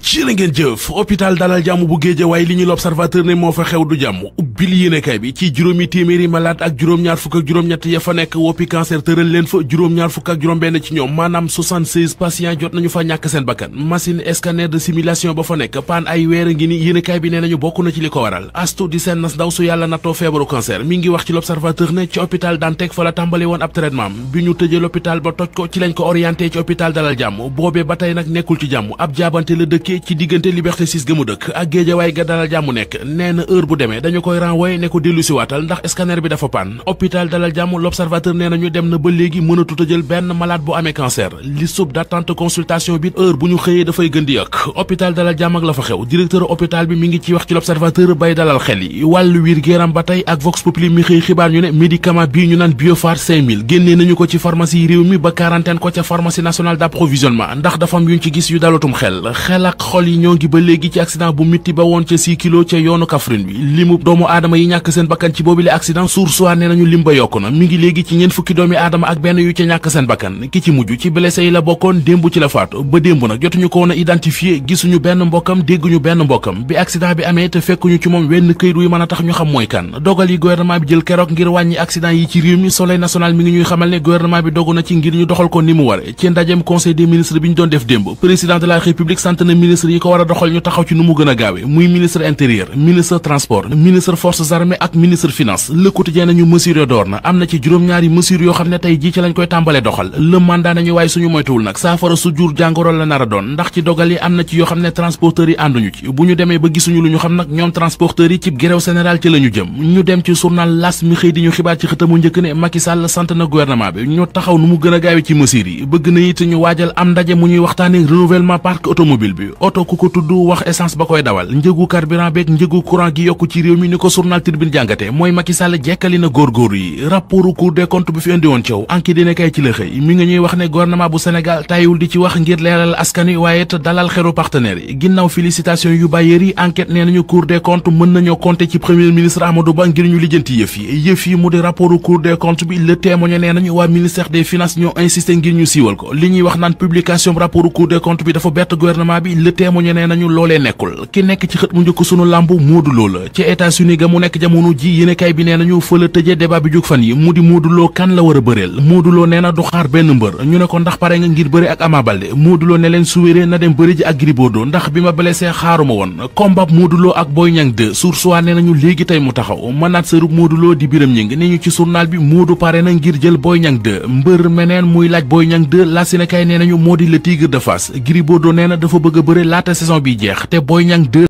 ci la ngeen jëf hôpital dalal jàmm bu Géejawaay li ñu l'observateur ne moo fa xew du jàmm ubbil yéenekaay bi ci juróomi téeméeri malade ak ñett ya fa nekk woppi cancer tëral leen fa juróom-ñaar fukk ak benn ci ñoom maanaam 76 jot nañu fa ñàkk seen bakkan machine scanner de simulation ba fa nekk paan ay weer a ngi ni yéenekaay bi nee nañu bokk na ci li ko waral astu di seen nas ndaw su yàlla nattoo feebaru cancer mi ngi wax ci l'observateur ne ci hôpital Dantec fa la xamante la dëkkee ci diggante liberté ga mu dëkk ak géejawaay ga dalal jàmm nekk nee heure bu demee dañu koy renvoyé ne ko dellu waatal ndax scanner bi dafa panne hôpital dalal jàmm l'observateur nee nañu dem na ba léegi mënatut a benn malade bu amee cancer li sub d'attente consultation bi heure bu ñu xëyee dafay gën di yëkk hôpital dalal jàmm ak la fa xew directeur hôpital bi mi ngi ci wax ci l'observateur bay dalal xel yi wàllu wiir géeram ba xel ak xol yi ñoo ngi ba léegi ci accident bu mitti ba woon ca six ca yoonu Kaffrine bi limu doomu aadama yi ñàkk seen bakkan ci boobu le accident sursoi ne nañu lim ba yokku na mi ngi léegi ci ñeen fukki doomi aadama ak benn yu ca ñàkk seen bakkan ki ci mujj ci blessé yi la bokkoon démb ci la faatu ba démb nag jotuñu ko woon a gisuñu benn mbokkam dégguñu benn mbokkam bi accident bi amee te fekkuñu ci moom wenn këyit wuy mën a tax ñu xam mooy kan dogal yi gouvernement bi jël keroog ngir wàññi accident yi ci réew mi soleil national mi ngi ñuy xamal ne gouvernement bi dogu na ci ko ni mu ware ci ndajem conseil def démb président sant na ministre yi ko war a doxal ñu taxaw ci nu mu gën gaawe muy ministre intérieur ministre transport ministre forces armées ak ministre finance Le Quotidien nañu mesure yo na am na ci juróom-ñaari mesure yoo xam ne tey ji ci lañ koy tàmbale doxal le nañu waaye suñu moytuwul nag saafara su jàngoro la nar a ndax ci dogal yi am na ci yoo xam ne transporteurs yi ànduñu ci bu ñu demee ba gisuñu lu ñu xam nag ñoom transporteurs yi automobile bi ko tudd wax essence ba koy dawal njëgu carburant beeg njëgu courant gi yokku ci réew mi ni ko journal Tribune jàngate mooy Macky Sall jekkali na góorgóorlu yi rapport Cour des comptes bi fi indi woon coow enquête dina kay ci la xëy mi ngi ñuy wax ne gouvernement bu Sénégal tàyyiwul di ci wax ngir leeral askan waaye it dalal xelu partenaire yi ginnaaw félicitation yu bailleurs yi nee nañu Cour des comptes mën nañoo compter ci premier ministre Amadou Ba ngir ñu gouvernement bi le témoigné ne nañu loolee nekkul mu Lo la mu nekk jamono ji yéenekaay bi nee nañu fa la tëjee débat bi jóg fan yi mu di Modou Lo kan la war a bëreel Modou Lo nee na du xaar benn mbër ñu ne ko ndax pare nga ngir bëri ak Ama Baldé Modou Lo ne leen suwéree na dem bëri ji ak Gris Bordeaux ndax bi ma blessé xaaruma woon combat Modou Lo ak Boy Niang 2 source wa nee nañu léegi tey mu taxaw mënaat sërub Modou Lo di biram ñi ngi ne ñu ci journal bi mu Modou pare na ngir jël booy Niang 2 mbër meneen muy laaj Boy Niang 2 la yéenekaay nee nañu moo di le tigre de Fass dafa bëgg a laata saison bi jeex te Boy Niang 2